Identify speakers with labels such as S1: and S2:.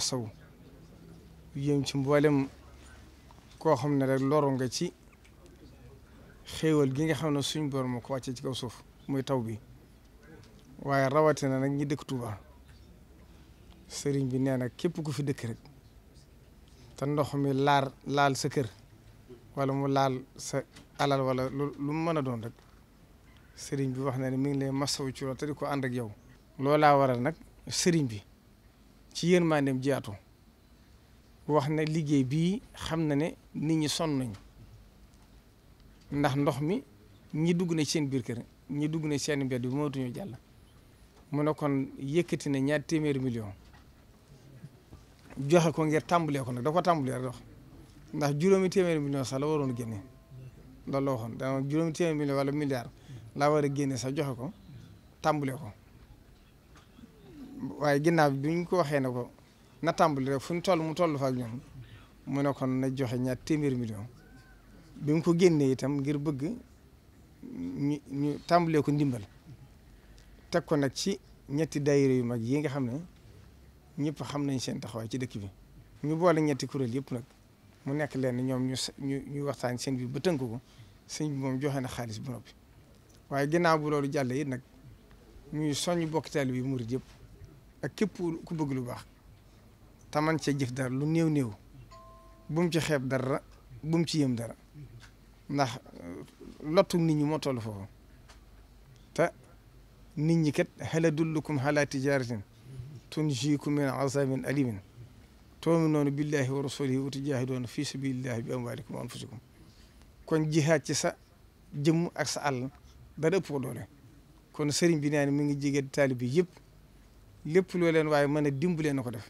S1: masawu yéem ci mboolem koo xam ne rek loru nga ci xéewal gi nga xam ne suñ borom moo ko wàcce ci kaw suuf muy taw bi waaye rawatina nag ñi dëkk Touba sëriñ bi nee nag képp ku fi dëkk rek te ndox mi laar laal sa kër walla mu laal sa alal wala lu mu mën a doon rek sëriñ bi wax na ne mi ngi lay masawu ci loolu te di ko ànd ak yow. loolaa waral nag sëriñ bi. ci yërmandeem jaatu wax na liggéey bii xam na ne nit ñi sonn nañ ndax ndox mi ñi dugg na seen biir kër ñi dugg na seen mbedd bi mootuñu jàll mu ne kon yëkkati na ñaar million joxe ko ngir tàmbalee ko nag da ko tàmbalee rek dox ndax juróomi téeméeri million sax la waroon génne loolu la waxoon dama juróomi téeméeri million wala milliard laa war a génne sax joxe ko tàmbalee ko waaye ginnaaw bi ñu ko waxee ne ko na tàmbali rek fu ñu toll mu tollu fa ak ñun mu ne kon na joxe ñaar téeméer million bi mu ko génnee itam ngir bëgg ñu ñu tàmbalee ko ndimbal teg ko nag ci ñetti daayira yu mag yi nga xam ne ñëpp xam nañ seen taxawaay ci dëkk bi ñu boole ñetti kuréel yëpp nag mu nekk leen ñoom ñu ñu ñu waxtaan seen bi ba tënk ko sëñ moom joxe na xaalis bu noppi waaye ginnaaw bu loolu jàll nag ñuy soññ bokkitaal bi murid yëpp. ak képp ku bëgg lu baax te man cee jëf dara lu néew néew bu mu ci xeeb dara bu mu ci yëm dara ndax euh, lottu nit ñi moo toll foofu te nit ñi kat hal adullukum ala tijaratin tunjiikum min azabin alimin tu'minuuna billahi wa rasulihi wa tujaahiduuna fi sabilillahi bi amwaalikum wa anfusikum kon jihaad ci sa jëmm ak sa àll dara ëpp doole kon sëriñ bi naan ne mi ngi jege taalibe yëpp lépp loo leen waaye mën a dimbale na ko def.